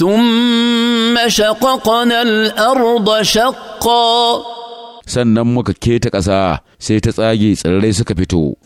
ثم شققنا الأرض شقا سنمك كيتك أسا سيتس آجي سرلي سكبتو